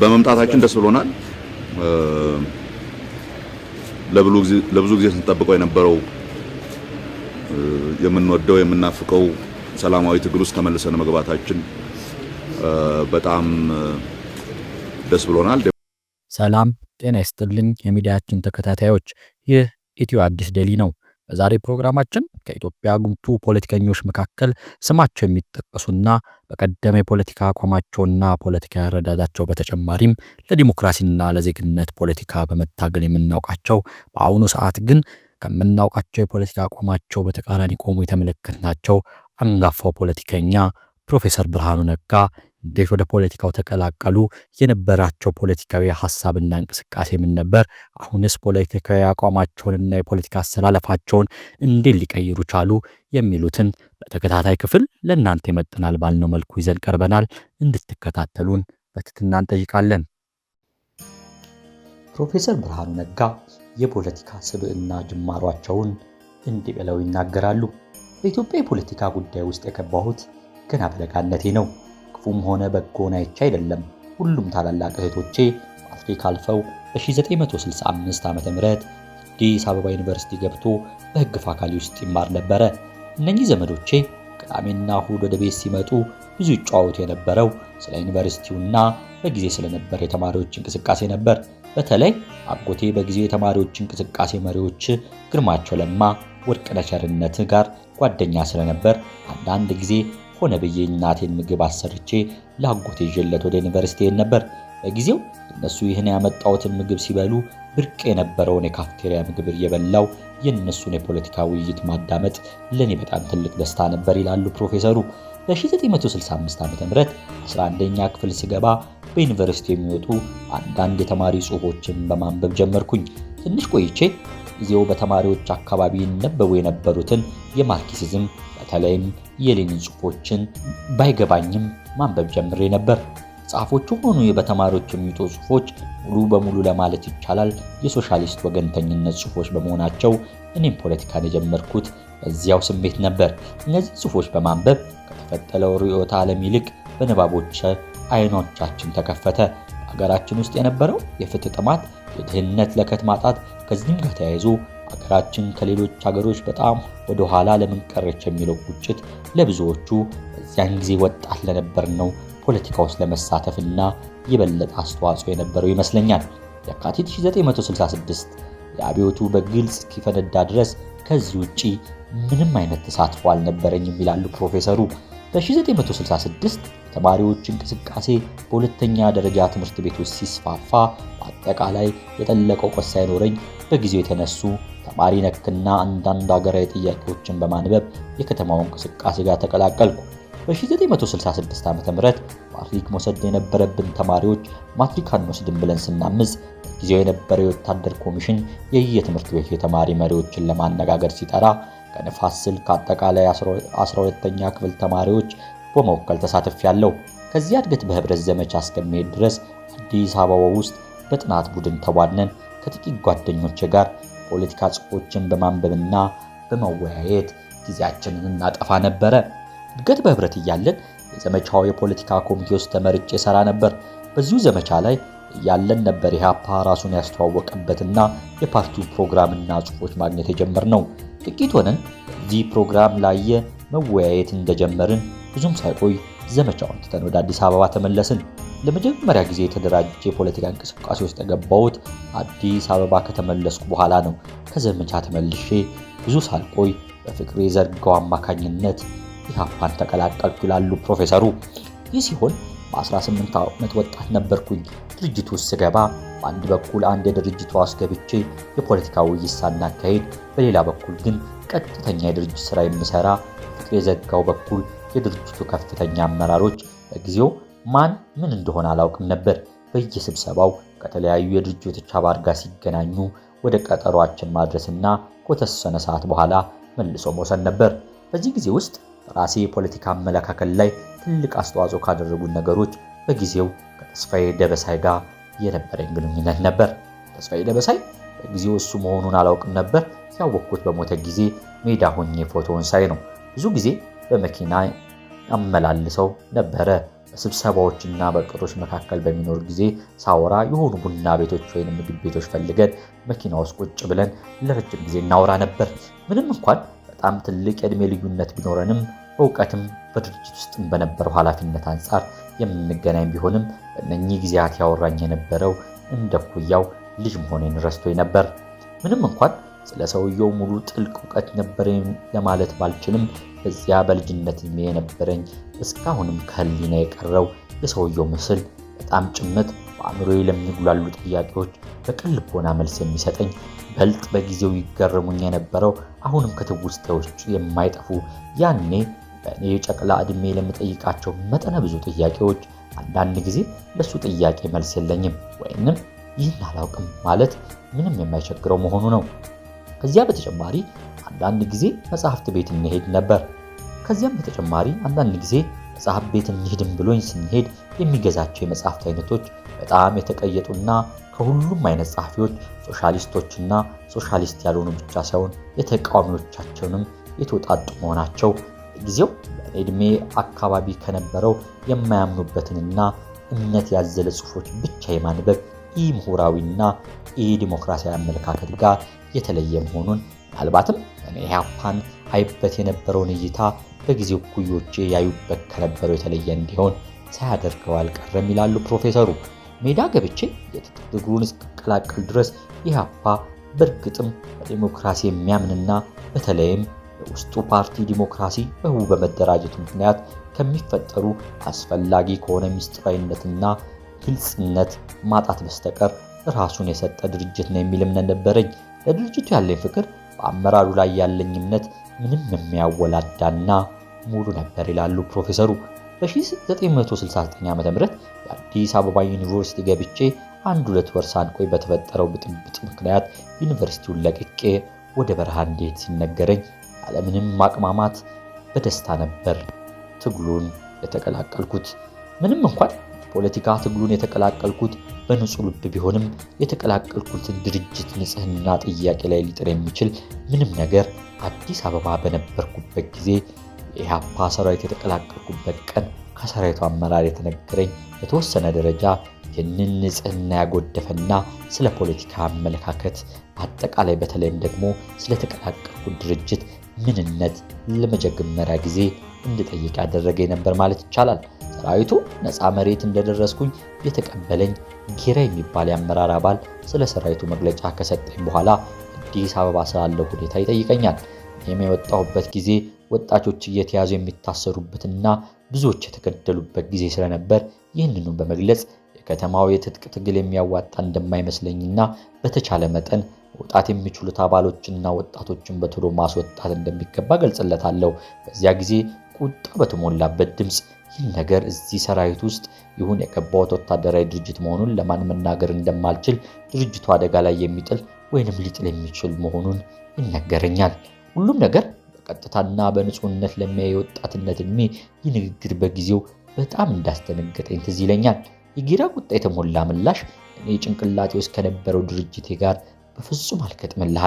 በመምጣታችን ደስ ብሎናል። ለብዙ ጊዜ ስንጠብቀው የነበረው የምንወደው የምናፍቀው ሰላማዊ ትግል ውስጥ ተመልሰን መግባታችን በጣም ደስ ብሎናል። ሰላም ጤና ይስጥልኝ። የሚዲያችን ተከታታዮች ይህ ኢትዮ አዲስ ዴሊ ነው። በዛሬ ፕሮግራማችን ከኢትዮጵያ ጉምቱ ፖለቲከኞች መካከል ስማቸው የሚጠቀሱና በቀደመ የፖለቲካ አቋማቸውና ፖለቲካ ያረዳዳቸው በተጨማሪም ለዲሞክራሲና ለዜግነት ፖለቲካ በመታገል የምናውቃቸው በአሁኑ ሰዓት ግን ከምናውቃቸው የፖለቲካ አቋማቸው በተቃራኒ ቆሙ የተመለከትናቸው አንጋፋው ፖለቲከኛ ፕሮፌሰር ብርሃኑ ነጋ እንዴት ወደ ፖለቲካው ተቀላቀሉ? የነበራቸው ፖለቲካዊ ሀሳብና እንቅስቃሴ ምን ነበር? አሁንስ ፖለቲካዊ አቋማቸውንና የፖለቲካ አሰላለፋቸውን እንዴት ሊቀይሩ ቻሉ? የሚሉትን በተከታታይ ክፍል ለእናንተ ይመጥናል ባልነው መልኩ ይዘን ቀርበናል። እንድትከታተሉን በትትና እንጠይቃለን። ፕሮፌሰር ብርሃኑ ነጋ የፖለቲካ ስብዕና ጅማሯቸውን እንዲህ ብለው ይናገራሉ። በኢትዮጵያ የፖለቲካ ጉዳይ ውስጥ የገባሁት ገና በለጋነቴ ነው። ክፉም ሆነ በጎን አይቼ አይደለም። ሁሉም ታላላቅ እህቶቼ አፍሪካ አልፈው በ1965 ዓ ም አዲስ አበባ ዩኒቨርሲቲ ገብቶ በህግ ፋካሊ ውስጥ ይማር ነበረ። እነኚህ ዘመዶቼ ቅዳሜና እሁድ ወደ ቤት ሲመጡ ብዙ ይጨዋወቱ የነበረው ስለ ዩኒቨርሲቲውና በጊዜ ስለነበር የተማሪዎች እንቅስቃሴ ነበር። በተለይ አጎቴ በጊዜ የተማሪዎች እንቅስቃሴ መሪዎች ግርማቸው ለማ፣ ወርቅነህ ቸርነት ጋር ጓደኛ ስለነበር አንዳንድ ጊዜ ሆነ ብዬ እናቴን ምግብ አሰርቼ ላጎቴ ይዤለት ወደ ዩኒቨርሲቲ ነበር። በጊዜው እነሱ ይህን ያመጣሁትን ምግብ ሲበሉ ብርቅ የነበረውን የካፍቴሪያ ምግብ እየበላው የእነሱን የፖለቲካ ውይይት ማዳመጥ ለእኔ በጣም ትልቅ ደስታ ነበር ይላሉ ፕሮፌሰሩ። በ1965 ዓ ም 11ኛ ክፍል ስገባ በዩኒቨርሲቲ የሚወጡ አንዳንድ የተማሪ ጽሑፎችን በማንበብ ጀመርኩኝ። ትንሽ ቆይቼ ጊዜው በተማሪዎች አካባቢ ይነበቡ የነበሩትን የማርክሲዝም በተለይም የሌኒን ጽሁፎችን ባይገባኝም ማንበብ ጀምሬ ነበር። ጻፎቹ ሆኑ በተማሪዎች የሚወጡ ጽሑፎች ሙሉ በሙሉ ለማለት ይቻላል የሶሻሊስት ወገንተኝነት ጽሑፎች በመሆናቸው እኔም ፖለቲካን የጀመርኩት በዚያው ስሜት ነበር። እነዚህ ጽሑፎች በማንበብ ከተፈጠለው ርዕዮተ ዓለም ይልቅ በንባቦች አይኖቻችን ተከፈተ። በሀገራችን ውስጥ የነበረው የፍትህ ጥማት፣ የድህነት ለከት ማጣት ከዚህም ጋር ተያይዞ አገራችን ከሌሎች አገሮች በጣም ወደ ኋላ ለምን ቀረች የሚለው ቁጭት ለብዙዎቹ በዚያን ጊዜ ወጣት ለነበር ነው ፖለቲካ ውስጥ ለመሳተፍና የበለጠ አስተዋጽኦ የነበረው ይመስለኛል። የካቲት 1966 የአብዮቱ በግልጽ እስኪፈነዳ ድረስ ከዚህ ውጪ ምንም አይነት ተሳትፎ አልነበረኝም ይላሉ ፕሮፌሰሩ። በ1966 የተማሪዎች እንቅስቃሴ በሁለተኛ ደረጃ ትምህርት ቤት ውስጥ ሲስፋፋ በአጠቃላይ የጠለቀው እውቀት ሳይኖረኝ በጊዜው የተነሱ ተጨማሪ ነክና አንዳንድ ሀገራዊ ጥያቄዎችን በማንበብ የከተማው እንቅስቃሴ ጋር ተቀላቀልኩ። በ1966 ዓ ም ማትሪክ መውሰድ የነበረብን ተማሪዎች ማትሪክ አንወስድም ብለን ስናምፅ ጊዜው የነበረ የወታደር ኮሚሽን የየትምህርት ቤቱ የተማሪ መሪዎችን ለማነጋገር ሲጠራ ከንፋስ ስልክ አጠቃላይ 12ኛ ክፍል ተማሪዎች በመወከል ተሳትፍ ያለው ከዚያ እድገት በህብረት ዘመቻ እስከሚሄድ ድረስ አዲስ አበባ ውስጥ በጥናት ቡድን ተቧድነን ከጥቂት ጓደኞች ጋር ፖለቲካ ጽሑፎችን በማንበብና በመወያየት ጊዜያችንን እናጠፋ ነበረ። እድገት በህብረት እያለን የዘመቻው የፖለቲካ ኮሚቴ ውስጥ ተመርጬ ሰራ ነበር። በዚሁ ዘመቻ ላይ እያለን ነበር ኢህአፓ ራሱን ያስተዋወቀበትና የፓርቲው ፕሮግራምና ጽሑፎች ማግኘት የጀመርነው። ጥቂት ሆነን በዚህ ፕሮግራም ላየ መወያየት እንደጀመርን ብዙም ሳይቆይ ዘመቻውን ትተን ወደ አዲስ አበባ ተመለስን። ለመጀመሪያ ጊዜ የተደራጀ የፖለቲካ እንቅስቃሴ ውስጥ የገባሁት አዲስ አበባ ከተመለስኩ በኋላ ነው። ከዘመቻ ተመልሼ ብዙ ሳልቆይ በፍቅሬ ዘርጋው አማካኝነት ኢህአፓን ተቀላቀልኩ ይላሉ ፕሮፌሰሩ። ይህ ሲሆን በ18 ዓመት ወጣት ነበርኩኝ። ድርጅቱ ውስጥ ስገባ በአንድ በኩል አንድ የድርጅቱ አስገብቼ የፖለቲካ ውይይት ሳናካሄድ፣ በሌላ በኩል ግን ቀጥተኛ የድርጅት ስራ የምሰራ ፍቅሬ ዘርጋው በኩል የድርጅቱ ከፍተኛ አመራሮች በጊዜው ማን ምን እንደሆነ አላውቅም ነበር። በየስብሰባው ከተለያዩ የድርጅቶች አባር ጋር ሲገናኙ ወደ ቀጠሯችን ማድረስና ከተወሰነ ሰዓት በኋላ መልሶ መውሰድ ነበር። በዚህ ጊዜ ውስጥ ራሴ የፖለቲካ አመለካከት ላይ ትልቅ አስተዋጽኦ ካደረጉት ነገሮች በጊዜው ከተስፋዬ ደበሳይ ጋር የነበረኝ ግንኙነት ነበር። ተስፋዬ ደበሳይ በጊዜው እሱ መሆኑን አላውቅም ነበር። ሲያወቅኩት በሞተ ጊዜ ሜዳ ሆኜ ፎቶውን ሳይ ነው። ብዙ ጊዜ በመኪና አመላልሰው ነበረ። በስብሰባዎችና በቅጦች መካከል በሚኖር ጊዜ ሳወራ የሆኑ ቡና ቤቶች ወይም ምግብ ቤቶች ፈልገን መኪና ውስጥ ቁጭ ብለን ለረጅም ጊዜ እናወራ ነበር። ምንም እንኳን በጣም ትልቅ የዕድሜ ልዩነት ቢኖረንም በእውቀትም በድርጅት ውስጥም በነበረው ኃላፊነት አንጻር የምንገናኝ ቢሆንም በእነኚህ ጊዜያት ያወራኝ የነበረው እንደ ኩያው ልጅ መሆኔን ረስቶኝ ነበር። ምንም እንኳን ስለ ሰውየው ሙሉ ጥልቅ እውቀት ነበረኝ ለማለት ባልችልም በዚያ በልጅነት ዕድሜ የነበረኝ እስካሁንም ከህሊና የቀረው የሰውየው ምስል በጣም ጭምት በአእምሮ ለሚጉላሉ ጥያቄዎች በቅልቦና መልስ የሚሰጠኝ በልጥ በጊዜው ይገረሙኝ የነበረው አሁንም ከትውስታዎች የማይጠፉ ያኔ በእኔ የጨቅላ ዕድሜ ለምጠይቃቸው መጠነ ብዙ ጥያቄዎች አንዳንድ ጊዜ ለሱ ጥያቄ መልስ የለኝም ወይንም ይህን አላውቅም ማለት ምንም የማይቸግረው መሆኑ ነው። ከዚያ በተጨማሪ አንዳንድ ጊዜ መጽሐፍት ቤት እንሄድ ነበር። ከዚያም በተጨማሪ አንዳንድ ጊዜ መጽሐፍ ቤት እንሂድም ብሎኝ ስንሄድ የሚገዛቸው የመጽሐፍት አይነቶች በጣም የተቀየጡና ከሁሉም አይነት ጸሐፊዎች ሶሻሊስቶችና ሶሻሊስት ያልሆኑ ብቻ ሳይሆን የተቃዋሚዎቻቸውንም የተውጣጡ መሆናቸው ጊዜው በእድሜ አካባቢ ከነበረው የማያምኑበትንና እምነት ያዘለ ጽሁፎች ብቻ የማንበብ ኢምሁራዊና ኢዲሞክራሲያዊ አመለካከት ጋር የተለየ መሆኑን ምናልባትም ኢህአፓን አይበት የነበረውን እይታ በጊዜው ኩዮቼ ያዩበት ከነበረው የተለየ እንዲሆን ሳያደርገው አልቀረም ይላሉ ፕሮፌሰሩ። ሜዳ ገብቼ የትጥቅ ትግሉን እስክቀላቀል ድረስ ኢህአፓ በእርግጥም በዲሞክራሲ የሚያምንና በተለይም የውስጡ ፓርቲ ዲሞክራሲ በህቡ በመደራጀቱ ምክንያት ከሚፈጠሩ አስፈላጊ ከሆነ ምስጢራዊነትና ግልጽነት ማጣት በስተቀር ራሱን የሰጠ ድርጅት ነው የሚል እምነት ነበረኝ። ለድርጅቱ ያለኝ ፍቅር፣ በአመራሩ ላይ ያለኝ እምነት ምንም የሚያወላዳና ሙሉ ነበር ይላሉ ፕሮፌሰሩ። በ1969 ም የአዲስ አበባ ዩኒቨርሲቲ ገብቼ አንድ ሁለት ወር ሳንቆይ በተፈጠረው ብጥብጥ ምክንያት ዩኒቨርሲቲውን ለቅቄ ወደ በረሃ እንዴት ሲነገረኝ ያለምንም ማቅማማት በደስታ ነበር ትግሉን የተቀላቀልኩት። ምንም እንኳን ፖለቲካ ትግሉን የተቀላቀልኩት በንጹህ ልብ ቢሆንም የተቀላቀልኩትን ድርጅት ንጽህና ጥያቄ ላይ ሊጥር የሚችል ምንም ነገር አዲስ አበባ በነበርኩበት ጊዜ የኢህአፓ ሰራዊት የተቀላቀልኩበት ቀን ከሰራዊቱ አመራር የተነገረኝ በተወሰነ ደረጃ ይህንን ንጽህና ያጎደፈና ስለ ፖለቲካ አመለካከት አጠቃላይ በተለይም ደግሞ ስለተቀላቀልኩት ድርጅት ምንነት ለመጀመሪያ ጊዜ እንድጠይቅ ያደረገ ነበር ማለት ይቻላል። ሰራዊቱ ነፃ መሬት እንደደረስኩኝ የተቀበለኝ ጌራ የሚባል የአመራር አባል ስለ ሰራዊቱ መግለጫ ከሰጠኝ በኋላ አዲስ አበባ ስላለው ሁኔታ ይጠይቀኛል። ይህም የወጣሁበት ጊዜ ወጣቶች እየተያዙ የሚታሰሩበትና ብዙዎች የተገደሉበት ጊዜ ስለነበር ይህንኑ በመግለጽ የከተማው የትጥቅ ትግል የሚያዋጣ እንደማይመስለኝና በተቻለ መጠን መውጣት የሚችሉት አባሎችና ወጣቶችን በቶሎ ማስወጣት እንደሚገባ ገልጽለታለሁ። በዚያ ጊዜ ቁጣ በተሞላበት ድምፅ ይህ ነገር እዚህ ሰራዊት ውስጥ ይሁን የገባሁት ወታደራዊ ድርጅት መሆኑን ለማን መናገር እንደማልችል ድርጅቱ አደጋ ላይ የሚጥል ወይንም ሊጥል የሚችል መሆኑን ይነገረኛል። ሁሉም ነገር ቀጥታና በንጹህነት ለሚያይ የወጣትነት ዕድሜ ይህ ንግግር በጊዜው በጣም እንዳስደነገጠኝ ትዝ ይለኛል። የጌራ ቁጣ የተሞላ ምላሽ እኔ ጭንቅላቴ ውስጥ ከነበረው ድርጅቴ ጋር በፍጹም አልገጥምልህ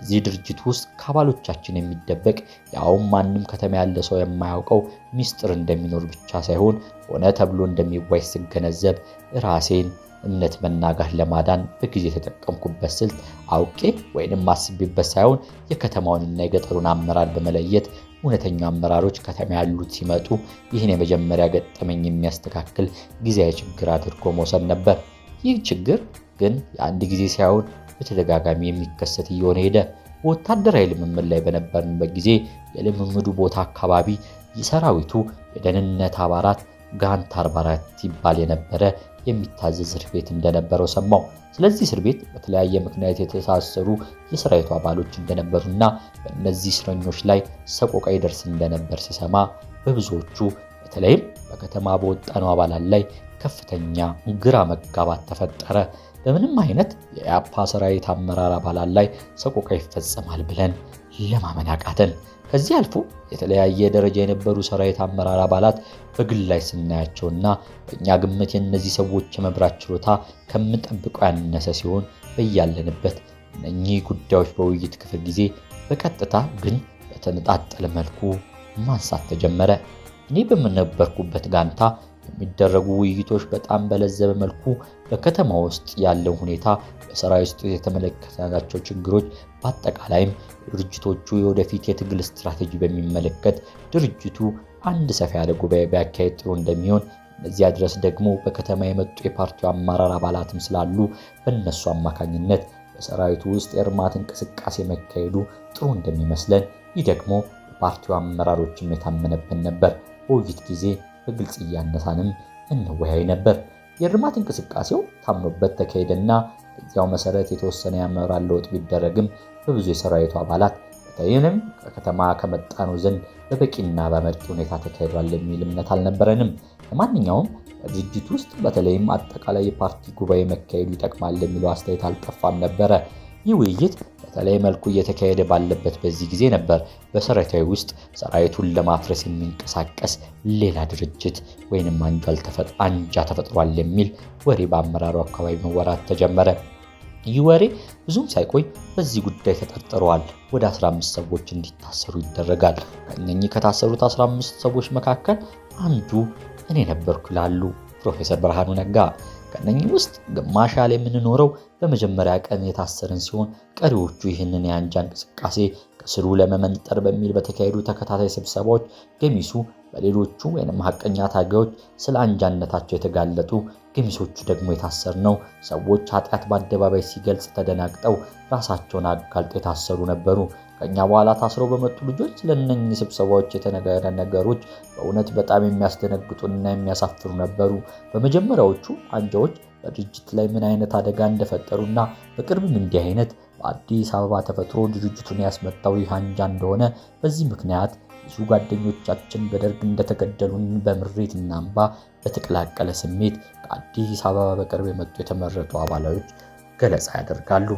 እዚህ ድርጅት ውስጥ ከአባሎቻችን የሚደበቅ ያውም ማንም ከተማ ያለ ሰው የማያውቀው ሚስጥር እንደሚኖር ብቻ ሳይሆን ሆነ ተብሎ እንደሚዋይ ስገነዘብ ራሴን እምነት መናጋት ለማዳን በጊዜ የተጠቀምኩበት ስልት አውቄ ወይንም አስቤበት ሳይሆን የከተማውንና የገጠሩን አመራር በመለየት እውነተኛ አመራሮች ከተማ ያሉት ሲመጡ ይህን የመጀመሪያ ገጠመኝ የሚያስተካክል ጊዜያዊ ችግር አድርጎ መውሰድ ነበር። ይህ ችግር ግን የአንድ ጊዜ ሳይሆን በተደጋጋሚ የሚከሰት እየሆነ ሄደ። በወታደራዊ ልምምድ ላይ በነበርንበት ጊዜ የልምምዱ ቦታ አካባቢ የሰራዊቱ የደህንነት አባላት ጋንት 44 ይባል የነበረ የሚታዘዝ እስር ቤት እንደነበረው ሰማው። ስለዚህ እስር ቤት በተለያየ ምክንያት የተሳሰሩ የሰራዊቱ አባሎች እንደነበሩና በእነዚህ እስረኞች ላይ ሰቆቃ ይደርስ እንደነበር ሲሰማ በብዙዎቹ በተለይም በከተማ በወጣነው አባላት ላይ ከፍተኛ ግራ መጋባት ተፈጠረ። በምንም አይነት የኢያፓ ሰራዊት አመራር አባላት ላይ ሰቆቃ ይፈጸማል ብለን ለማመን አቃተን። ከዚህ አልፎ የተለያየ ደረጃ የነበሩ ሰራዊት አመራር አባላት በግል ላይ ስናያቸውና በእኛ ግምት የእነዚህ ሰዎች የመብራት ችሎታ ከምንጠብቀው ያነሰ ሲሆን በያለንበት እነኚህ ጉዳዮች በውይይት ክፍል ጊዜ በቀጥታ ግን በተነጣጠለ መልኩ ማንሳት ተጀመረ። እኔ በምነበርኩበት ጋንታ የሚደረጉ ውይይቶች በጣም በለዘበ መልኩ በከተማ ውስጥ ያለው ሁኔታ፣ በሰራዊት ውስጥ የተመለከትናቸው ችግሮች፣ በአጠቃላይም ድርጅቶቹ የወደፊት የትግል ስትራቴጂ በሚመለከት ድርጅቱ አንድ ሰፋ ያለ ጉባኤ ቢያካሄድ ጥሩ እንደሚሆን እዚያ ድረስ ደግሞ በከተማ የመጡ የፓርቲው አመራር አባላትም ስላሉ በእነሱ አማካኝነት በሰራዊቱ ውስጥ የእርማት እንቅስቃሴ መካሄዱ ጥሩ እንደሚመስለን፣ ይህ ደግሞ የፓርቲው አመራሮችም የታመነብን ነበር። በውይይት ጊዜ በግልጽ እያነሳንም እንወያይ ነበር። የእርማት እንቅስቃሴው ታምኖበት ተካሄደና በዚያው መሰረት የተወሰነ የአመራር ለውጥ ቢደረግም በብዙ የሰራዊቱ አባላት በተለይም ከከተማ ከመጣኑ ዘንድ በበቂና በመርጥ ሁኔታ ተካሂዷል የሚል እምነት አልነበረንም። ለማንኛውም በድርጅት ውስጥ በተለይም አጠቃላይ የፓርቲ ጉባኤ መካሄዱ ይጠቅማል የሚለው አስተያየት አልጠፋም ነበረ። ይህ ውይይት በተለይ መልኩ እየተካሄደ ባለበት በዚህ ጊዜ ነበር በሰራዊታዊ ውስጥ ሰራዊቱን ለማፍረስ የሚንቀሳቀስ ሌላ ድርጅት ወይንም አንጃ ተፈጥሯል የሚል ወሬ በአመራሩ አካባቢ መወራት ተጀመረ። ይህ ወሬ ብዙም ሳይቆይ በዚህ ጉዳይ ተጠርጥረዋል ወደ 15 ሰዎች እንዲታሰሩ ይደረጋል። ከእነኚህ ከታሰሩት 15 ሰዎች መካከል አንዱ እኔ ነበርኩ ይላሉ ፕሮፌሰር ብርሃኑ ነጋ። ከነኚህ ውስጥ ግማሽ ያህል የምንኖረው በመጀመሪያ ቀን የታሰርን ሲሆን ቀሪዎቹ ይህንን የአንጃ እንቅስቃሴ ከስሩ ለመመንጠር በሚል በተካሄዱ ተከታታይ ስብሰባዎች ገሚሱ በሌሎቹ ወይም ሀቀኛ ታጋዮች ስለ አንጃነታቸው የተጋለጡ ገሚሶቹ ደግሞ ነው። ሰዎች ኃጢአት በአደባባይ ሲገልጽ ተደናግጠው ራሳቸውን አጋልጠው የታሰሩ ነበሩ። ከእኛ በኋላ ታስረው በመጡ ልጆች ለእነኚህ ስብሰባዎች የተነገረ ነገሮች በእውነት በጣም የሚያስደነግጡና የሚያሳፍሩ ነበሩ። በመጀመሪያዎቹ አንጃዎች በድርጅት ላይ ምን አይነት አደጋ እንደፈጠሩና በቅርብም እንዲህ አይነት በአዲስ አበባ ተፈጥሮ ድርጅቱን ያስመጣው ይህ አንጃ እንደሆነ በዚህ ምክንያት ብዙ ጓደኞቻችን በደርግ እንደተገደሉን በምሬትና እንባ በተቀላቀለ ስሜት ከአዲስ አበባ በቅርብ የመጡ የተመረጡ አባላዎች ገለጻ ያደርጋሉ።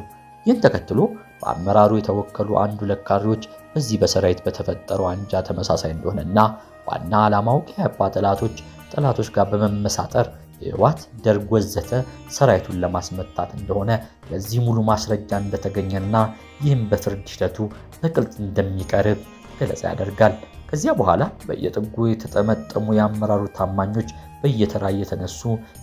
ይህን ተከትሎ በአመራሩ የተወከሉ አንድ ሁለት ካድሬዎች በዚህ በሰራዊት በተፈጠረው አንጃ ተመሳሳይ እንደሆነና ዋና ዓላማው ከኢህአፓ ጠላቶች ጠላቶች ጋር በመመሳጠር የህወሓት ደርግ ወዘተ ሰራዊቱን ለማስመታት እንደሆነ ለዚህ ሙሉ ማስረጃ እንደተገኘና ይህም በፍርድ ሂደቱ በቅልጥ እንደሚቀርብ ገለጻ ያደርጋል። ከዚያ በኋላ በየጥጉ የተጠመጠሙ የአመራሩ ታማኞች በየተራ እየተነሱ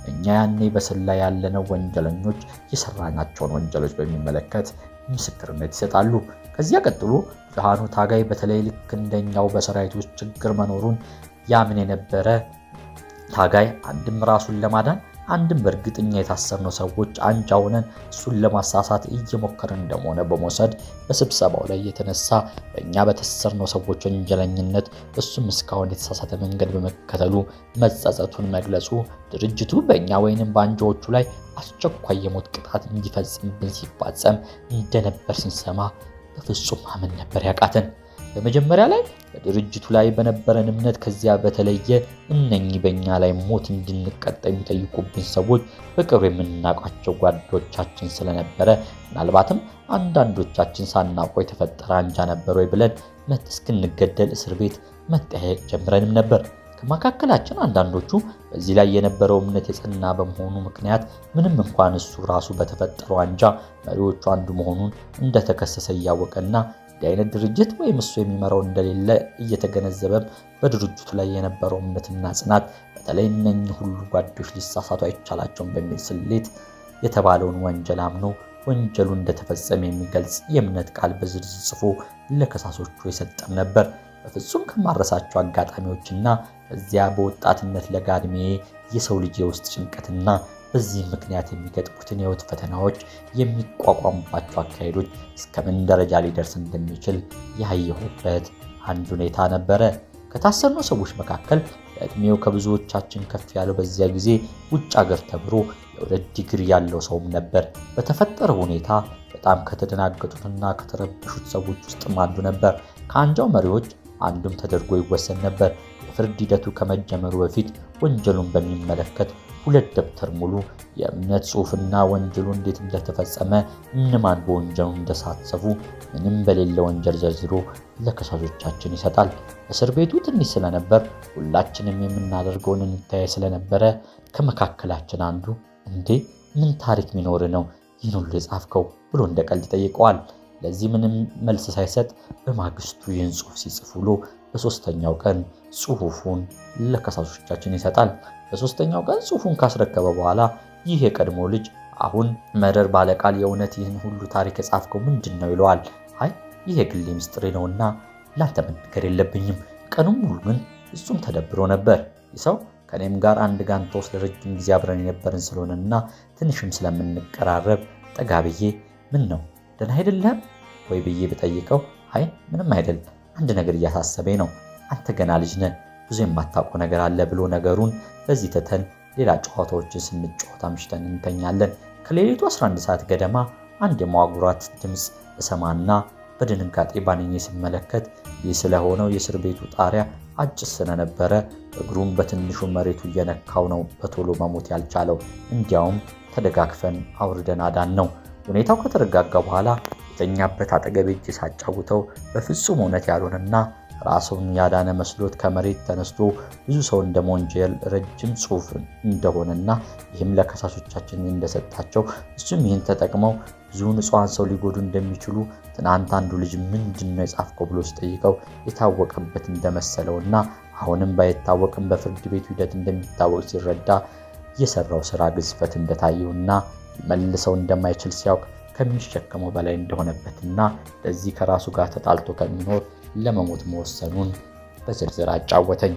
እኛ ያኔ በስላ ያለነው ወንጀለኞች የሰራናቸውን ወንጀሎች በሚመለከት ምስክርነት ይሰጣሉ። ከዚያ ቀጥሎ ብርሃኑ ታጋይ በተለይ ልክ እንደኛው በሰራዊት ውስጥ ችግር መኖሩን ያምን የነበረ ታጋይ አንድም ራሱን ለማዳን አንድም በእርግጠኛ የታሰርነው ሰዎች አንጃ ሆነን እሱን ለማሳሳት እየሞከርን እንደሆነ በመውሰድ በስብሰባው ላይ የተነሳ በእኛ በታሰርነው ሰዎች ወንጀለኝነት እሱም እስካሁን የተሳሳተ መንገድ በመከተሉ መጸጸቱን መግለጹ ድርጅቱ በእኛ ወይንም በአንጃዎቹ ላይ አስቸኳይ የሞት ቅጣት እንዲፈጽምብን ሲባጸም እንደነበር ስንሰማ በፍጹም አምን ነበር ያቃተን። በመጀመሪያ ላይ በድርጅቱ ላይ በነበረን እምነት ከዚያ በተለየ እነኚህ በእኛ ላይ ሞት እንድንቀጣ የሚጠይቁብን ሰዎች በቅርብ የምናውቃቸው ጓዶቻችን ስለነበረ ምናልባትም አንዳንዶቻችን ሳናውቀው የተፈጠረ አንጃ ነበር ወይ ብለን መት እስክንገደል እስር ቤት መጠያየቅ ጀምረንም ነበር። ከመካከላችን አንዳንዶቹ በዚህ ላይ የነበረው እምነት የጸና በመሆኑ ምክንያት ምንም እንኳን እሱ ራሱ በተፈጠረው አንጃ መሪዎቹ አንዱ መሆኑን እንደተከሰሰ እያወቀና እንዲህ አይነት ድርጅት ወይም እሱ የሚመራው እንደሌለ እየተገነዘበም በድርጅቱ ላይ የነበረው እምነትና ጽናት በተለይ እነኚህ ሁሉ ጓዶች ሊሳሳቱ አይቻላቸውም በሚል ስሌት የተባለውን ወንጀል አምኖ ወንጀሉ እንደተፈጸመ የሚገልጽ የእምነት ቃል በዝርዝር ጽፎ ለከሳሶቹ የሰጠም ነበር። በፍጹም ከማረሳቸው አጋጣሚዎችና በዚያ በወጣትነት ለጋድሜ የሰው ልጅ የውስጥ ጭንቀትና በዚህም ምክንያት የሚገጥሙትን የህይወት ፈተናዎች የሚቋቋሙባቸው አካሄዶች እስከምን ደረጃ ሊደርስ እንደሚችል ያየሁበት አንድ ሁኔታ ነበረ። ከታሰርነው ሰዎች መካከል በዕድሜው ከብዙዎቻችን ከፍ ያለው በዚያ ጊዜ ውጭ አገር ተምሮ የሁለት ዲግሪ ያለው ሰውም ነበር። በተፈጠረው ሁኔታ በጣም ከተደናገጡትና ከተረበሹት ሰዎች ውስጥም አንዱ ነበር። ከአንጃው መሪዎች አንዱም ተደርጎ ይወሰን ነበር። የፍርድ ሂደቱ ከመጀመሩ በፊት ወንጀሉን በሚመለከት ሁለት ደብተር ሙሉ የእምነት ጽሑፍና ወንጀሉ እንዴት እንደተፈጸመ፣ እነማን በወንጀሉ እንደሳተፉ ምንም በሌለ ወንጀል ዘርዝሮ ለከሳሾቻችን ይሰጣል። እስር ቤቱ ትንሽ ስለነበር ሁላችንም የምናደርገውን እንታየ ስለነበረ ከመካከላችን አንዱ እንዴ ምን ታሪክ ሚኖር ነው ይህን ሁሉ የጻፍከው ብሎ እንደ ቀልድ ይጠይቀዋል። ለዚህ ምንም መልስ ሳይሰጥ በማግስቱ ይህን ጽሑፍ ሲጽፍ ውሎ በሦስተኛው ቀን ጽሑፉን ለከሳሾቻችን ይሰጣል። በሶስተኛው ቀን ጽሑፉን ካስረከበ በኋላ ይህ የቀድሞ ልጅ አሁን መረር ባለቃል የእውነት ይህን ሁሉ ታሪክ የጻፍከው ምንድን ነው ይለዋል። አይ ይህ የግሌ ምስጢሬ ነውና ላንተ መንገር የለብኝም። ቀኑም ሙሉ ግን እሱም ተደብሮ ነበር። ይህ ሰው ከእኔም ጋር አንድ ጋን ውስጥ ለረጅም ጊዜ አብረን የነበርን ስለሆነና ትንሽም ስለምንቀራረብ ጠጋ ብዬ ምን ነው ደህና አይደለም ወይ ብዬ ብጠይቀው አይ ምንም አይደል፣ አንድ ነገር እያሳሰበኝ ነው አንተ ገና ልጅ ነህ፣ ብዙ የማታውቀው ነገር አለ ብሎ ነገሩን በዚህ ትተን ሌላ ጨዋታዎችን ስንጫወት አምሽተን እንተኛለን። ከሌሊቱ 11 ሰዓት ገደማ አንድ የማጉራት ድምፅ እሰማና በድንጋጤ ባንኜ ሲመለከት ይህ ስለሆነው የእስር ቤቱ ጣሪያ አጭር ስለነበረ እግሩም በትንሹ መሬቱ እየነካው ነው በቶሎ መሞት ያልቻለው። እንዲያውም ተደጋግፈን አውርደን አዳን ነው። ሁኔታው ከተረጋጋ በኋላ የተኛበት አጠገቤ እጅ ሳጫውተው በፍጹም እውነት ያልሆነና ራሱን ያዳነ መስሎት ከመሬት ተነስቶ ብዙ ሰው እንደ ረጅም ጽሑፍ እንደሆነና ይህም ለከሳሾቻችን እንደሰጣቸው እሱም ይህን ተጠቅመው ብዙ ንጹሐን ሰው ሊጎዱ እንደሚችሉ ትናንት አንዱ ልጅ ምንድን ነው የጻፍከው ብሎ ሲጠይቀው የታወቀበት እንደመሰለውና አሁንም ባይታወቅም በፍርድ ቤቱ ሂደት እንደሚታወቅ ሲረዳ የሰራው ስራ ግዝፈት እንደታየውና መልሰው እንደማይችል ሲያውቅ ከሚሸከመው በላይ እንደሆነበትና ለዚህ ከራሱ ጋር ተጣልቶ ከሚኖር ለመሞት መወሰኑን በዝርዝር አጫወተኝ።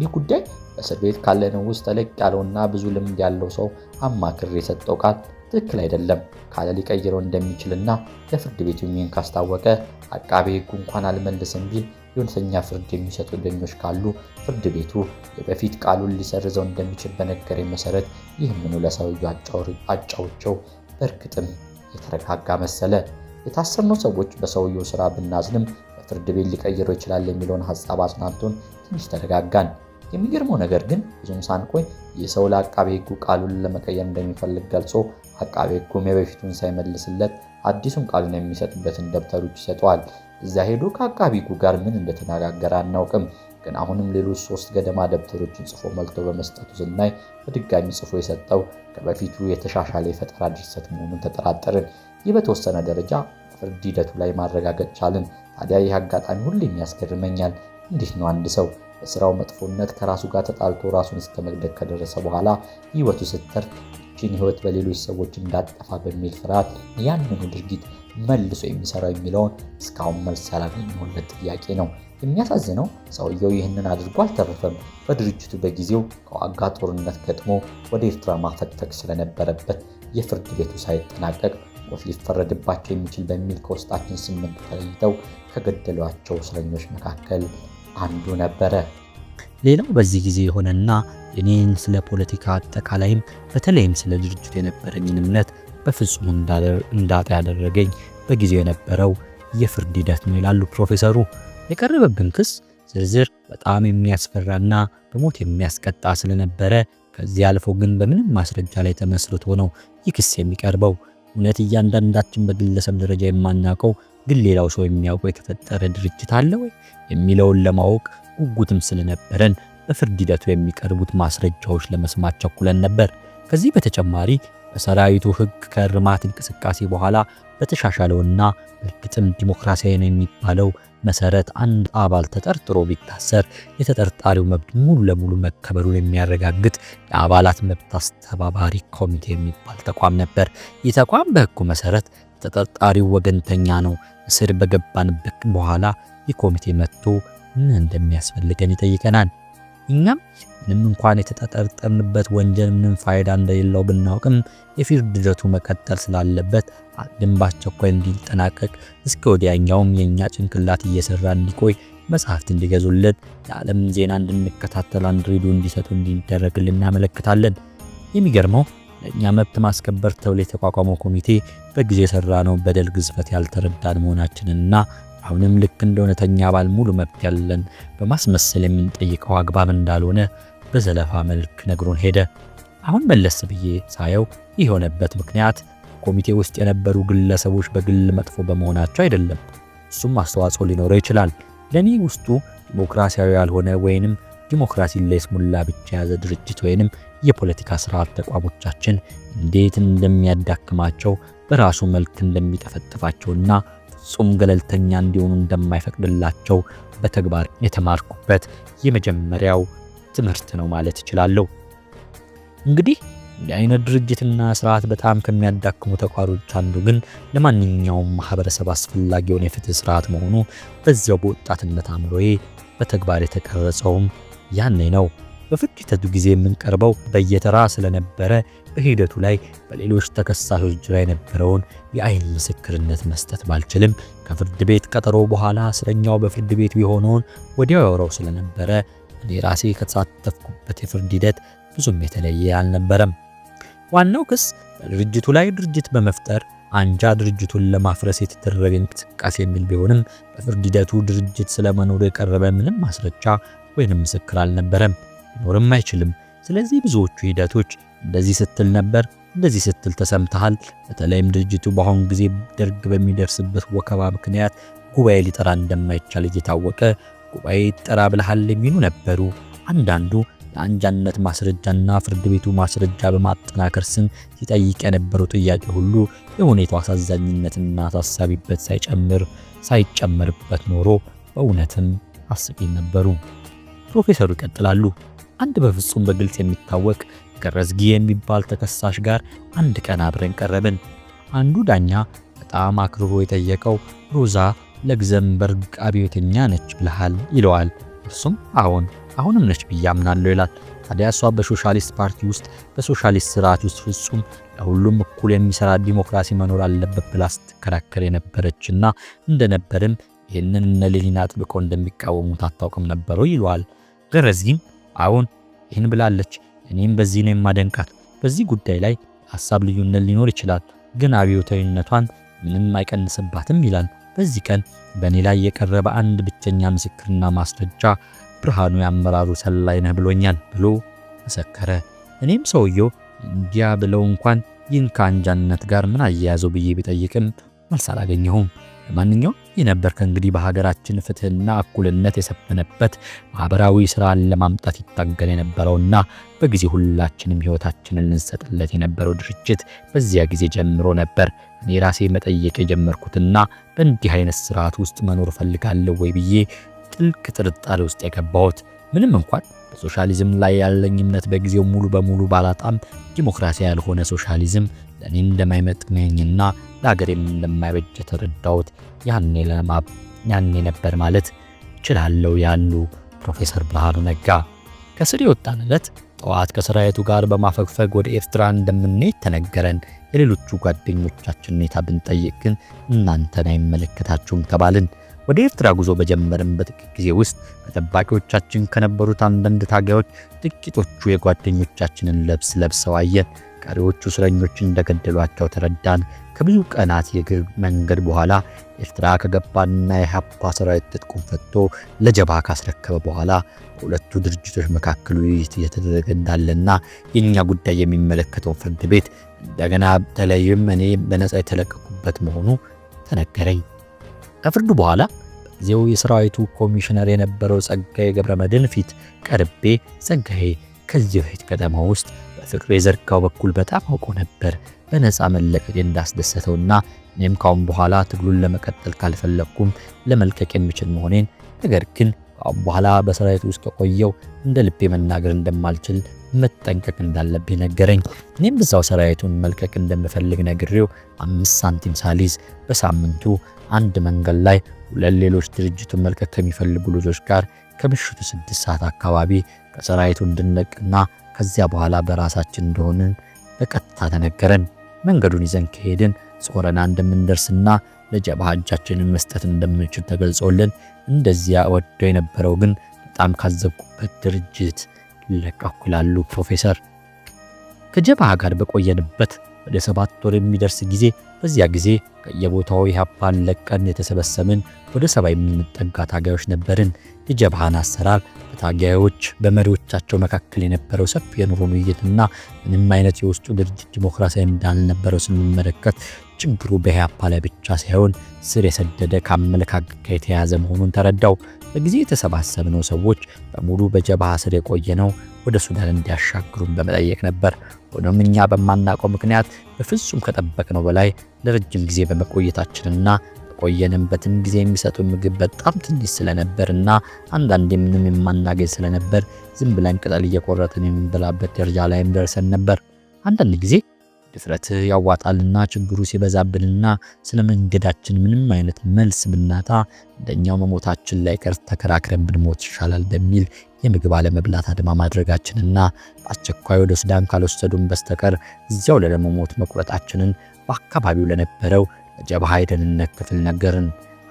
ይህ ጉዳይ እስር ቤት ካለነው ውስጥ ተለቅ ያለውና ብዙ ልምድ ያለው ሰው አማክር የሰጠው ቃል ትክክል አይደለም ካለ ሊቀይረው እንደሚችልና ለፍርድ ቤቱ ይህን ካስታወቀ አቃቤ ሕጉ እንኳን አልመልስም ቢል የእውነተኛ ፍርድ የሚሰጡ ደኞች ካሉ ፍርድ ቤቱ የበፊት ቃሉን ሊሰርዘው እንደሚችል በነገረኝ መሰረት ይህምኑ ለሰውየው አጫውቸው። በእርግጥም የተረጋጋ መሰለ። የታሰርነው ሰዎች በሰውየው ስራ ብናዝንም ፍርድ ቤት ሊቀይረው ይችላል የሚለውን ሀሳብ አጽናንቶን ትንሽ ተረጋጋን። የሚገርመው ነገር ግን ብዙም ሳንቆይ የሰው ለአቃቤ ሕጉ ቃሉን ለመቀየር እንደሚፈልግ ገልጾ አቃቤ ሕጉም የበፊቱን ሳይመልስለት አዲሱን ቃሉን የሚሰጥበትን ደብተሮች ይሰጠዋል። እዚያ ሄዶ ከአቃቤ ሕጉ ጋር ምን እንደተነጋገረ አናውቅም። ግን አሁንም ሌሎች ሶስት ገደማ ደብተሮችን ጽፎ መልቶ በመስጠቱ ስናይ በድጋሚ ጽፎ የሰጠው ከበፊቱ የተሻሻለ የፈጠራ ድርሰት መሆኑን ተጠራጠርን። ይህ በተወሰነ ደረጃ ፍርድ ሂደቱ ላይ ማረጋገጥ ቻልን። ታዲያ ይህ አጋጣሚ ሁሌም ያስገርመኛል። እንዲህ ነው አንድ ሰው በስራው መጥፎነት ከራሱ ጋር ተጣልቶ ራሱን እስከ መግደል ከደረሰ በኋላ ህይወቱ ስትተርፍ ችን ህይወት በሌሎች ሰዎች እንዳጠፋ በሚል ፍርሃት ያንኑ ድርጊት መልሶ የሚሰራው የሚለውን እስካሁን መልስ ያላገኘሁለት ጥያቄ ነው። የሚያሳዝነው ሰውየው ይህንን አድርጎ አልተረፈም። በድርጅቱ በጊዜው ከዋጋ ጦርነት ገጥሞ ወደ ኤርትራ ማፈተግ ስለነበረበት የፍርድ ቤቱ ሳይጠናቀቅ ሞት ሊፈረድባቸው የሚችል በሚል ከውስጣችን ስምንት ተለይተው ከገደሏቸው እስረኞች መካከል አንዱ ነበረ። ሌላው በዚህ ጊዜ የሆነና እኔን ስለ ፖለቲካ አጠቃላይም በተለይም ስለ ድርጅቱ የነበረኝን እምነት በፍጹም እንዳጣ ያደረገኝ በጊዜው የነበረው የፍርድ ሂደት ነው ይላሉ ፕሮፌሰሩ። የቀረበብን ክስ ዝርዝር በጣም የሚያስፈራና በሞት የሚያስቀጣ ስለነበረ ከዚህ አልፎ ግን በምንም ማስረጃ ላይ ተመስርቶ ነው ይህ ክስ የሚቀርበው። እውነት እያንዳንዳችን በግለሰብ ደረጃ የማናውቀው ግን ሌላው ሰው የሚያውቀው የተፈጠረ ድርጅት አለ ወይ የሚለውን ለማወቅ ጉጉትም ስለነበረን በፍርድ ሂደቱ የሚቀርቡት ማስረጃዎች ለመስማት ቸኩለን ነበር። ከዚህ በተጨማሪ በሰራዊቱ ሕግ ከእርማት እንቅስቃሴ በኋላ በተሻሻለውና በእርግጥም ዲሞክራሲያዊ ነው የሚባለው መሰረት አንድ አባል ተጠርጥሮ ቢታሰር የተጠርጣሪው መብት ሙሉ ለሙሉ መከበሩን የሚያረጋግጥ የአባላት መብት አስተባባሪ ኮሚቴ የሚባል ተቋም ነበር። ይህ ተቋም በህጉ መሰረት ተጠርጣሪው ወገንተኛ ነው፣ እስር በገባንበት በኋላ ይህ ኮሚቴ መጥቶ ምን እንደሚያስፈልገን ይጠይቀናል። እኛም ምንም እንኳን የተጠረጠርንበት ወንጀል ምንም ፋይዳ እንደሌለው ብናውቅም የፍርድ ሂደቱ መቀጠል ስላለበት አቅድም በአስቸኳይ እንዲጠናቀቅ እስከ ወዲያኛውም የእኛ ጭንቅላት እየሰራ እንዲቆይ መጽሐፍት እንዲገዙልን የዓለም ዜና እንድንከታተል አንድሪዱ እንዲሰጡ እንዲደረግልን እናመለክታለን። የሚገርመው ለእኛ መብት ማስከበር ተብሎ የተቋቋመው ኮሚቴ በጊዜ ነው በደል ግዝፈት ያልተረዳን መሆናችንና አሁንም ልክ እንደ እውነተኛ አባል ሙሉ መብት ያለን በማስመሰል የምንጠይቀው አግባብ እንዳልሆነ በዘለፋ መልክ ነግሮን ሄደ። አሁን መለስ ብዬ ሳየው ይህ የሆነበት ምክንያት ኮሚቴ ውስጥ የነበሩ ግለሰቦች በግል መጥፎ በመሆናቸው አይደለም። እሱም አስተዋጽኦ ሊኖረው ይችላል። ለእኔ ውስጡ ዲሞክራሲያዊ ያልሆነ ወይንም ዲሞክራሲ ለይስሙላ ብቻ የያዘ ድርጅት ወይንም የፖለቲካ ስርዓት ተቋሞቻችን እንዴት እንደሚያዳክማቸው በራሱ መልክ እንደሚጠፈጥፋቸውና ፍጹም ገለልተኛ እንዲሆኑ እንደማይፈቅድላቸው በተግባር የተማርኩበት የመጀመሪያው ትምህርት ነው ማለት እችላለሁ። እንግዲህ እንዲህ አይነት ድርጅትና ስርዓት በጣም ከሚያዳክሙ ተቋሮች አንዱ ግን ለማንኛውም ማህበረሰብ አስፈላጊ የሆነ የፍትህ ስርዓት መሆኑ በዚያው በወጣትነት አእምሮዬ በተግባር የተቀረጸውም ያኔ ነው። በፍርድ ሂደቱ ጊዜ የምንቀርበው በየተራ ስለነበረ በሂደቱ ላይ በሌሎች ተከሳሾች ላይ የነበረውን የአይን ምስክርነት መስጠት ባልችልም ከፍርድ ቤት ቀጠሮ በኋላ እስረኛው በፍርድ ቤት የሆነውን ወዲያው ያወራው ስለነበረ እኔ ራሴ ከተሳተፍኩበት የፍርድ ሂደት ብዙም የተለየ አልነበረም። ዋናው ክስ ድርጅቱ ላይ ድርጅት በመፍጠር አንጃ ድርጅቱን ለማፍረስ የተደረገ እንቅስቃሴ የሚል ቢሆንም በፍርድ ሂደቱ ድርጅት ስለመኖሩ የቀረበ ምንም ማስረጃ ወይንም ምስክር አልነበረም፣ ሊኖርም አይችልም። ስለዚህ ብዙዎቹ ሂደቶች እንደዚህ ስትል ነበር፣ እንደዚህ ስትል ተሰምተሃል። በተለይም ድርጅቱ በአሁኑ ጊዜ ደርግ በሚደርስበት ወከባ ምክንያት ጉባኤ ሊጠራ እንደማይቻል እየታወቀ ጉባኤ ጠራ ብለሃል የሚሉ ነበሩ። አንዳንዱ ለአንጃነት ማስረጃና ፍርድ ቤቱ ማስረጃ በማጠናከር ስም ሲጠይቅ የነበረው ጥያቄ ሁሉ የሁኔታው አሳዛኝነትና አሳሳቢበት ሳይጨምር ሳይጨመርበት ኖሮ በእውነትም አስቂኝ ነበሩ። ፕሮፌሰሩ ይቀጥላሉ። አንድ በፍጹም በግልጽ የሚታወቅ ገረዝጊ የሚባል ተከሳሽ ጋር አንድ ቀን አብረን ቀረብን። አንዱ ዳኛ በጣም አክርሮ የጠየቀው ሮዛ ለግዘንበርግ አብዮተኛ ነች ብለሃል ይለዋል። እርሱም አሁን አሁንም ነች ብዬ አምናለሁ ይላል። ታዲያ እሷ በሶሻሊስት ፓርቲ ውስጥ በሶሻሊስት ስርዓት ውስጥ ፍጹም ለሁሉም እኩል የሚሰራ ዲሞክራሲ መኖር አለበት ብላ ስትከራከር የነበረችና እንደነበርም ይህንን እነ ሌኒን አጥብቀው እንደሚቃወሙት አታውቅም ነበሩ ይለዋል። ገረዚም አሁን ይህን ብላለች፣ እኔም በዚህ ነው የማደንቃት። በዚህ ጉዳይ ላይ ሀሳብ ልዩነት ሊኖር ይችላል፣ ግን አብዮታዊነቷን ምንም አይቀንስባትም ይላል። በዚህ ቀን በእኔ ላይ የቀረበ አንድ ብቸኛ ምስክርና ማስረጃ ብርሃኑ የአመራሩ ሰላይ ነህ ብሎኛል ብሎ መሰከረ። እኔም ሰውየው እንዲያ ብለው እንኳን ይህን ከአንጃነት ጋር ምን አያያዘው ብዬ ቢጠይቅም መልስ አላገኘሁም። ለማንኛውም ይህ ነበር ከእንግዲህ በሀገራችን ፍትህና እኩልነት የሰፈነበት ማህበራዊ ስራን ለማምጣት ይታገል የነበረውና በጊዜ ሁላችንም ህይወታችንን ልንሰጥለት የነበረው ድርጅት በዚያ ጊዜ ጀምሮ ነበር እኔ ራሴ መጠየቅ የጀመርኩትና በእንዲህ አይነት ስርዓት ውስጥ መኖር እፈልጋለሁ ወይ ብዬ ጥልቅ ጥርጣሬ ውስጥ የገባሁት ምንም እንኳን በሶሻሊዝም ላይ ያለኝ እምነት በጊዜው ሙሉ በሙሉ ባላጣም ዲሞክራሲያ ያልሆነ ሶሻሊዝም ለእኔ እንደማይመጥነኝና ለሀገሬም እንደማይበጅ የተረዳሁት ያኔ ያኔ ነበር ማለት እችላለሁ ያሉ ፕሮፌሰር ብርሃኑ ነጋ። ከስር የወጣን ዕለት ጠዋት ከሰራዊቱ ጋር በማፈግፈግ ወደ ኤርትራ እንደምንሄድ ተነገረን። የሌሎቹ ጓደኞቻችን ሁኔታ ብንጠይቅ ግን እናንተን አይመለከታችሁም ተባልን። ወደ ኤርትራ ጉዞ በጀመርንበት ጊዜ ውስጥ ከጠባቂዎቻችን ከነበሩት አንዳንድ ታጋዮች ጥቂቶቹ የጓደኞቻችንን ልብስ ለብሰው አየን። ቀሪዎቹ ስረኞች እንደገደሏቸው ተረዳን። ከብዙ ቀናት የእግር መንገድ በኋላ ኤርትራ ከገባና የሀፓ ሰራዊት ትጥቁን ፈቶ ለጀባ ካስረከበ በኋላ በሁለቱ ድርጅቶች መካከል ውይይት እየተደረገ እንዳለና የእኛ ጉዳይ የሚመለከተውን ፍርድ ቤት እንደገና በተለይም እኔ በነፃ የተለቀቁበት መሆኑ ተነገረኝ። ከፍርዱ በኋላ በጊዜው የሰራዊቱ ኮሚሽነር የነበረው ጸጋዬ ገብረመድህን ፊት ቀርቤ ጸጋዬ ከዚህ በፊት ከተማ ውስጥ በፍቅር የዘርጋው በኩል በጣም አውቆ ነበር በነፃ መለቀቅ እንዳስደሰተውና እኔም ካሁን በኋላ ትግሉን ለመቀጠል ካልፈለግኩም ለመልቀቅ የሚችል መሆኔን ነገር ግን ካሁን በኋላ በሰራዊቱ ውስጥ ከቆየው እንደ ልቤ መናገር እንደማልችል መጠንቀቅ እንዳለብኝ ነገረኝ። እኔም ብዛው ሰራዊቱን መልቀቅ እንደምፈልግ ነግሬው አምስት ሳንቲም ሳሊዝ በሳምንቱ አንድ መንገድ ላይ ሁለት ሌሎች ድርጅቱን መልቀቅ ከሚፈልጉ ልጆች ጋር ከምሽቱ ስድስት ሰዓት አካባቢ ከሰራዊቱ እንድንለቅና ከዚያ በኋላ በራሳችን እንደሆንን በቀጥታ ተነገረን። መንገዱን ይዘን ከሄድን ጾረና እንደምንደርስና ለጀብሃ እጃችንን መስጠት እንደምንችል ተገልጾልን፣ እንደዚያ ወደው የነበረው ግን በጣም ካዘብኩበት ድርጅት ለቀኩ ይላሉ ፕሮፌሰር። ከጀብሃ ጋር በቆየንበት ወደ ሰባት ወር የሚደርስ ጊዜ። በዚያ ጊዜ ከየቦታው ኢህአፓን ለቀን የተሰበሰብን ወደ ሰባ የምንጠጋ ታጋዮች ነበርን። የጀብሃን አሰራር በታጋዮች በመሪዎቻቸው መካከል የነበረው ሰፊ የኑሮ ውይይትና ምንም አይነት የውስጡ ድርጅት ዲሞክራሲያዊ እንዳልነበረው ስንመለከት ችግሩ በኢህአፓ ላይ ብቻ ሳይሆን ስር የሰደደ ከአመለካከት ጋር የተያያዘ መሆኑን ተረዳው። በጊዜ የተሰባሰብነው ሰዎች በሙሉ በጀብሃ ስር የቆየ ነው ወደ ሱዳን እንዲያሻግሩን በመጠየቅ ነበር። ሆኖም እኛ በማናውቀው ምክንያት በፍጹም ከጠበቅነው በላይ ለረጅም ጊዜ በመቆየታችንና ቆየንበትም ጊዜ የሚሰጡን ምግብ በጣም ትንሽ ስለነበርና አንዳንዴ ምንም የማናገኝ ስለነበር ዝም ብለን ቅጠል እየቆረጥን የምንበላበት ደረጃ ላይም ደርሰን ነበር። አንዳንድ ጊዜ ድፍረት ያዋጣልና ችግሩ ሲበዛብንና ስለ መንገዳችን ምንም አይነት መልስ ብናታ እንደኛው መሞታችን ላይ ቀርት ተከራክረን ብንሞት ይሻላል በሚል የምግብ አለመብላት አድማ ማድረጋችንና በአስቸኳይ ወደ ሱዳን ካልወሰዱን በስተቀር እዚያው ለለመሞት መቁረጣችንን በአካባቢው ለነበረው ለጀብሃ የደህንነት ክፍል ነገርን።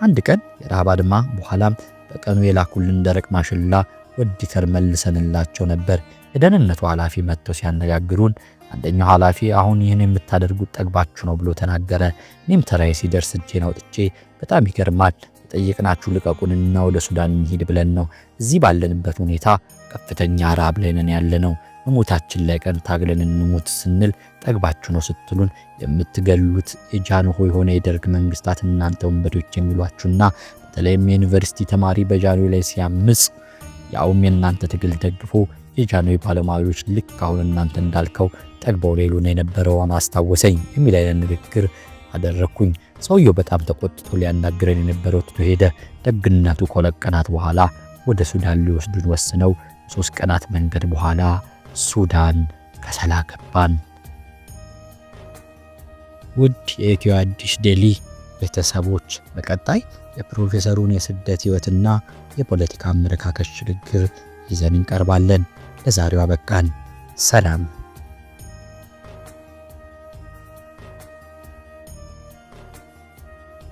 አንድ ቀን የረሃብ አድማ በኋላም በቀኑ የላኩልን ደረቅ ማሽላ ወዲተር መልሰንላቸው ነበር። የደህንነቱ ኃላፊ መጥተው ሲያነጋግሩን አንደኛው ኃላፊ አሁን ይህን የምታደርጉት ጠግባችሁ ነው ብሎ ተናገረ። እኔም ተራዬ ሲደርስ እጄን አውጥቼ በጣም ይገርማል ጠይቅናችሁ ልቀቁንና ወደ ሱዳን እንሂድ ብለን ነው። እዚህ ባለንበት ሁኔታ ከፍተኛ ራብ ላይ ያለ ነው። መሞታችን ላይ ቀን ታግለን እንሞት ስንል ጠግባችሁ ነው ስትሉን የምትገሉት የጃንሆ የሆነ የደርግ መንግስታት እናንተ ወንበዶች የሚሏችሁና በተለይም የዩኒቨርሲቲ ተማሪ በጃኖ ላይ ሲያምጽ ያውም የእናንተ ትግል ደግፎ የጃንሆይ ባለሙያዎች ልክ አሁን እናንተ እንዳልከው ጠግበው ሌሉን የነበረው አስታወሰኝ የሚል አይነት ንግግር አደረግኩኝ። ሰውየው በጣም ተቆጥቶ ሊያናግረን የነበረው ትቶ ሄደ። ደግነቱ ከሁለት ቀናት በኋላ ወደ ሱዳን ሊወስዱን ወስነው ሶስት ቀናት መንገድ በኋላ ሱዳን ከሰላ ገባን። ውድ የኢትዮ አዲስ ዴሊ ቤተሰቦች በቀጣይ የፕሮፌሰሩን የስደት ሕይወትና የፖለቲካ አመለካከት ሽግግር ይዘን እንቀርባለን። ለዛሬው አበቃን። ሰላም